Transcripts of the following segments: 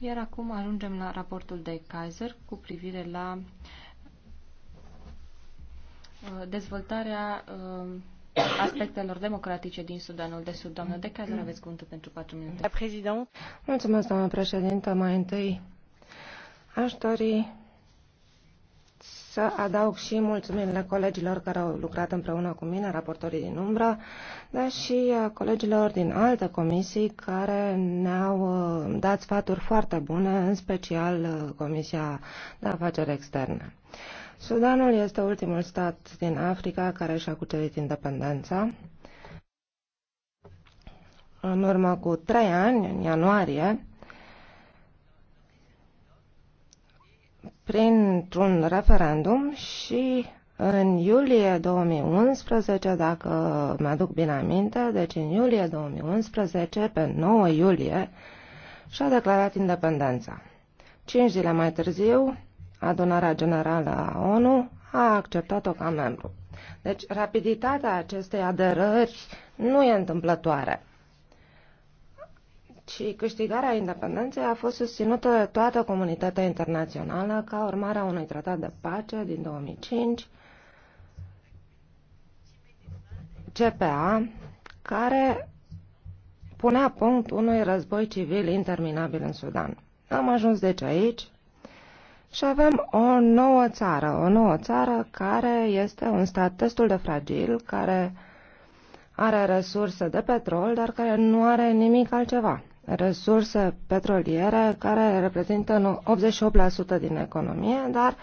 Iar acum ajungem la raportul de Kaiser cu privire la uh, dezvoltarea uh, aspectelor democratice din Sudanul de Sud. Doamna de Kaiser, aveți cuvântul pentru 4 minute. Mulțumesc, doamna președintă. Mai întâi aș dori să adaug și mulțumirile colegilor care au lucrat împreună cu mine, raportorii din umbră, dar și uh, colegilor din alte comisii care ne-au uh, dat sfaturi foarte bune, în special uh, Comisia de Afaceri Externe. Sudanul este ultimul stat din Africa care și-a cucerit independența. În urmă cu trei ani, în ianuarie, printr-un referendum și în iulie 2011, dacă mi-aduc bine aminte, deci în iulie 2011, pe 9 iulie, și-a declarat independența. Cinci zile mai târziu, adunarea generală a ONU a acceptat-o ca membru. Deci, rapiditatea acestei aderări nu e întâmplătoare și câștigarea independenței a fost susținută de toată comunitatea internațională ca urmare a unui tratat de pace din 2005, CPA, care punea punct unui război civil interminabil în Sudan. Am ajuns deci aici și avem o nouă țară, o nouă țară care este un stat destul de fragil, care are resurse de petrol, dar care nu are nimic altceva resurse petroliere care reprezintă 88% din economie, dar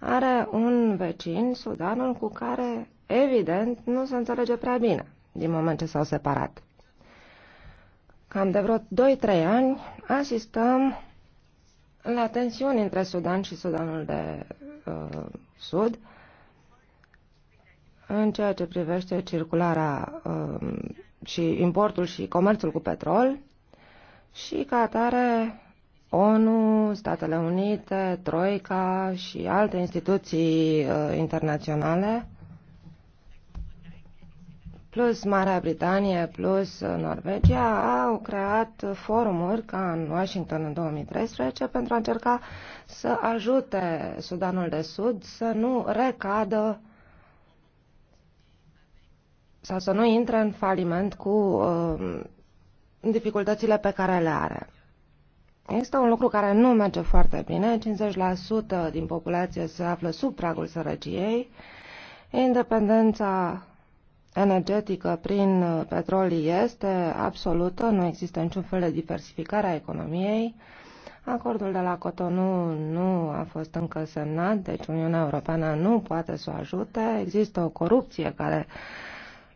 are un vecin, Sudanul, cu care, evident, nu se înțelege prea bine din moment ce s-au separat. Cam de vreo 2-3 ani asistăm la tensiuni între Sudan și Sudanul de uh, Sud în ceea ce privește circularea uh, și importul și comerțul cu petrol și ca atare ONU, Statele Unite, Troica și alte instituții uh, internaționale, plus Marea Britanie, plus uh, Norvegia, au creat forumuri ca în Washington în 2013 pentru a încerca să ajute Sudanul de Sud să nu recadă sau să nu intre în faliment cu uh, dificultățile pe care le are. Este un lucru care nu merge foarte bine. 50% din populație se află sub pragul sărăciei. Independența energetică prin petrol este absolută, nu există niciun fel de diversificare a economiei. Acordul de la Cotonou nu a fost încă semnat, deci Uniunea Europeană nu poate să o ajute. Există o corupție care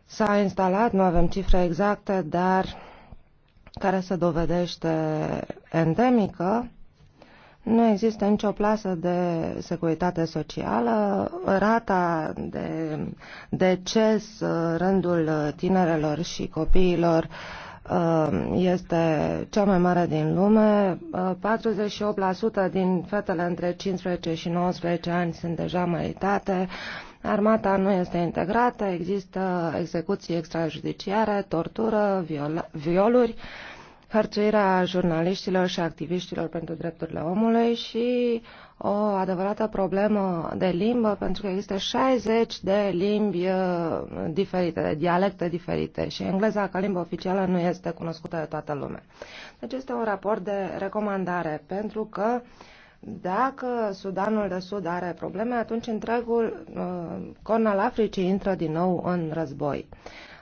s-a instalat, nu avem cifre exacte, dar care se dovedește endemică, nu există nicio plasă de securitate socială, rata de deces rândul tinerelor și copiilor uh, este cea mai mare din lume. 48% uh, din fetele între 15 și 19 ani sunt deja maritate, Armata nu este integrată, există execuții extrajudiciare, tortură, viola, violuri, hărțuirea jurnaliștilor și activiștilor pentru drepturile omului și o adevărată problemă de limbă, pentru că există 60 de limbi uh, diferite, de dialecte diferite și engleza ca limbă oficială nu este cunoscută de toată lumea. Deci este un raport de recomandare, pentru că uh, dacă Sudanul de Sud are probleme, atunci întregul uh, corn al Africii intră din nou în război.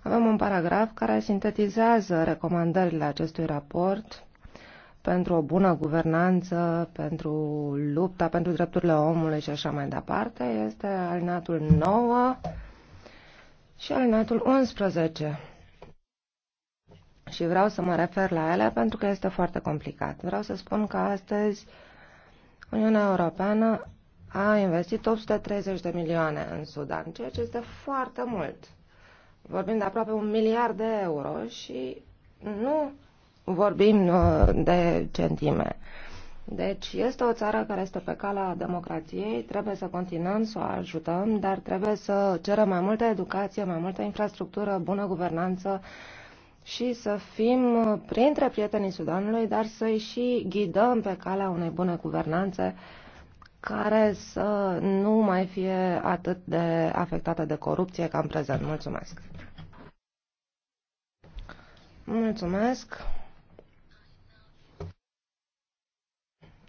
Avem un paragraf care sintetizează recomandările acestui raport pentru o bună guvernanță, pentru lupta pentru drepturile omului și așa mai departe. Este alinatul 9 și alinatul 11 și vreau să mă refer la ele pentru că este foarte complicat. Vreau să spun că astăzi Uniunea Europeană a investit 830 de milioane în Sudan, ceea ce este foarte mult. Vorbim de aproape un miliard de euro și nu vorbim uh, de centime. Deci este o țară care este pe calea democrației, trebuie să continuăm să o ajutăm, dar trebuie să cerem mai multă educație, mai multă infrastructură, bună guvernanță, și să fim printre prietenii Sudanului, dar să-i și ghidăm pe calea unei bune guvernanțe care să nu mai fie atât de afectată de corupție ca în prezent. Mulțumesc! Mulțumesc!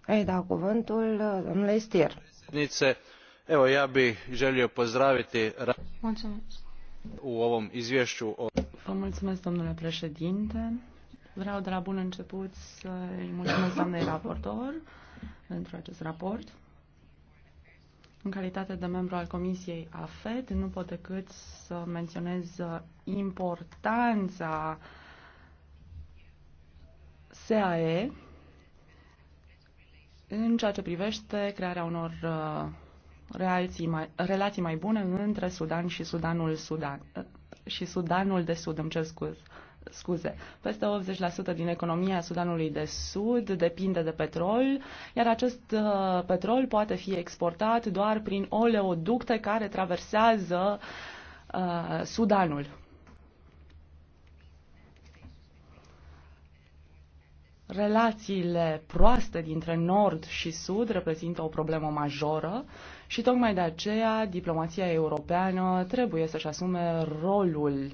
Ei dau cuvântul domnului Stier. Evo, ja bih želio pozdraviti u ovom izvješću o... Vă mulțumesc, domnule președinte. Vreau de la bun început să îi mulțumesc doamnei raportor pentru acest raport. În calitate de membru al Comisiei AFET, nu pot decât să menționez importanța SAE în ceea ce privește crearea unor uh, relații mai, relații mai bune între Sudan și Sudanul Sudan, și Sudanul de Sud, îmi cer scuz, scuze. Peste 80% din economia Sudanului de Sud depinde de petrol, iar acest uh, petrol poate fi exportat doar prin oleoducte care traversează uh, Sudanul. Relațiile proaste dintre Nord și Sud reprezintă o problemă majoră. Și tocmai de aceea diplomația europeană trebuie să-și asume rolul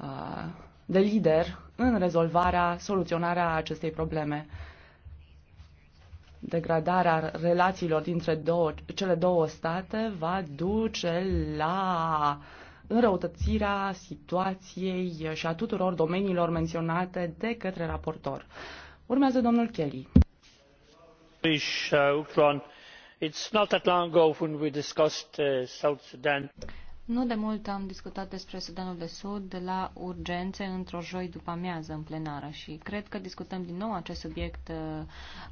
uh, de lider în rezolvarea, soluționarea acestei probleme. Degradarea relațiilor dintre două, cele două state va duce la înrăutățirea situației și a tuturor domeniilor menționate de către raportor. Urmează domnul Kelly. Uh, nu de mult am discutat despre sudanul de sud la urgențe într o joi după amiază în plenară și cred că discutăm din nou acest subiect uh,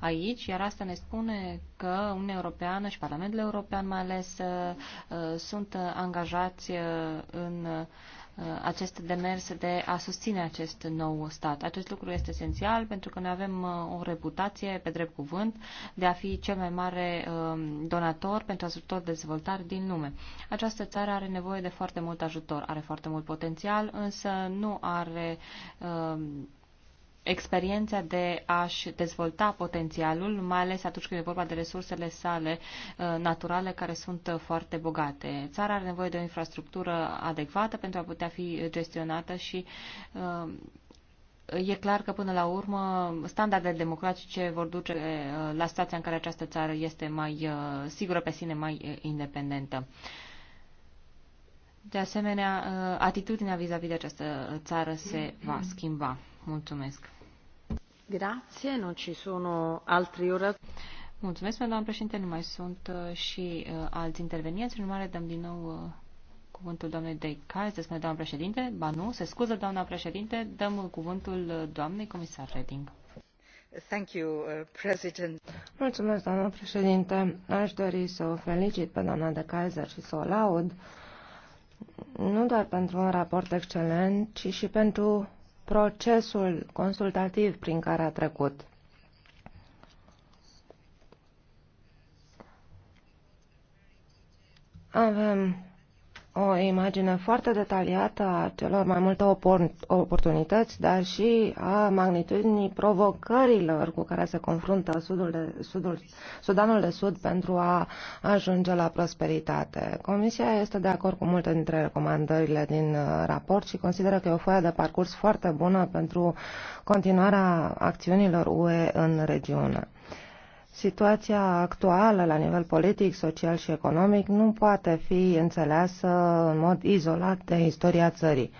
aici iar asta ne spune că uniunea europeană și parlamentul european mai ales uh, sunt uh, angajați în Uh, acest demers de a susține acest nou stat. Acest lucru este esențial pentru că noi avem uh, o reputație, pe drept cuvânt, de a fi cel mai mare uh, donator pentru ajutor de dezvoltare din lume. Această țară are nevoie de foarte mult ajutor, are foarte mult potențial, însă nu are experiența de a-și dezvolta potențialul, mai ales atunci când e vorba de resursele sale uh, naturale care sunt uh, foarte bogate. Țara are nevoie de o infrastructură adecvată pentru a putea fi gestionată și uh, e clar că până la urmă standardele democratice vor duce la situația în care această țară este mai sigură pe sine, mai independentă. De asemenea, uh, atitudinea vis-a-vis -vis de această țară se va schimba. Mulțumesc. Grație, nu ci sunt altri oratori. Mulțumesc, doamnă președinte, nu mai sunt uh, și uh, alți intervenienți. În urmare, dăm din nou uh, cuvântul doamnei de care se spune doamna președinte. Ba nu, se scuză doamna președinte, dăm uh, cuvântul doamnei comisar Reding. Thank you, President. Mulțumesc, doamna președinte. Aș dori să o felicit pe doamna de Kaiser și să o laud nu doar pentru un raport excelent, ci și pentru procesul consultativ prin care a trecut. Avem o imagine foarte detaliată a celor mai multe oportunități, dar și a magnitudinii provocărilor cu care se confruntă sudul de, sudul, Sudanul de Sud pentru a ajunge la prosperitate. Comisia este de acord cu multe dintre recomandările din uh, raport și consideră că e o foaie de parcurs foarte bună pentru continuarea acțiunilor UE în regiune. Situația actuală la nivel politic, social și economic nu poate fi înțeleasă în mod izolat de istoria țării.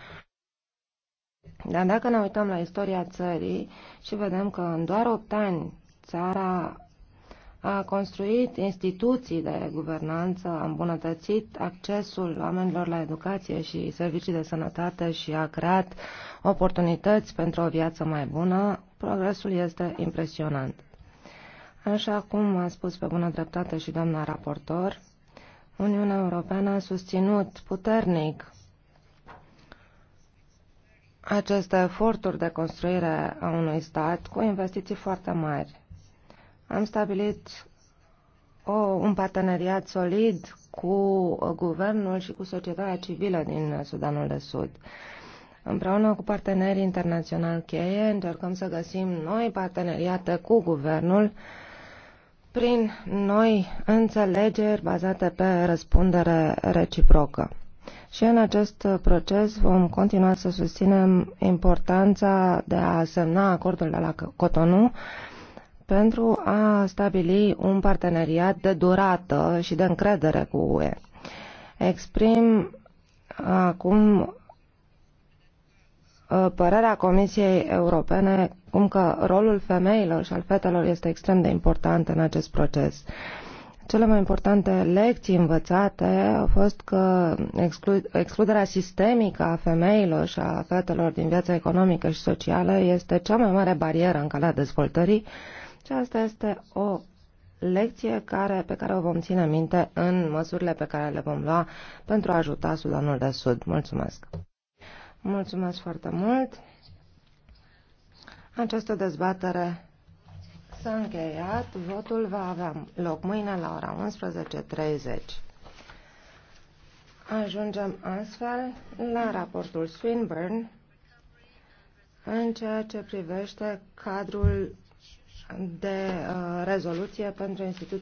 Dar dacă ne uităm la istoria țării și vedem că în doar 8 ani țara a construit instituții de guvernanță, a îmbunătățit accesul oamenilor la educație și servicii de sănătate și a creat oportunități pentru o viață mai bună, progresul este impresionant. Așa cum a spus pe bună dreptate și doamna raportor, Uniunea Europeană a susținut puternic aceste eforturi de construire a unui stat cu investiții foarte mari. Am stabilit o, un parteneriat solid cu guvernul și cu societatea civilă din Sudanul de Sud. Împreună cu partenerii internaționali cheie încercăm să găsim noi parteneriate cu guvernul prin noi înțelegeri bazate pe răspundere reciprocă. Și în acest proces vom continua să susținem importanța de a semna acordul de la Cotonou pentru a stabili un parteneriat de durată și de încredere cu UE. Exprim acum Uh, părerea Comisiei Europene cum că rolul femeilor și al fetelor este extrem de important în acest proces. Cele mai importante lecții învățate au fost că exclu- excluderea sistemică a femeilor și a fetelor din viața economică și socială este cea mai mare barieră în calea dezvoltării și asta este o lecție care, pe care o vom ține minte în măsurile pe care le vom lua pentru a ajuta Sudanul de Sud. Mulțumesc! Mulțumesc foarte mult. Această dezbatere s-a încheiat. Votul va avea loc mâine la ora 11.30. Ajungem astfel la raportul Swinburne în ceea ce privește cadrul de uh, rezoluție pentru instituții.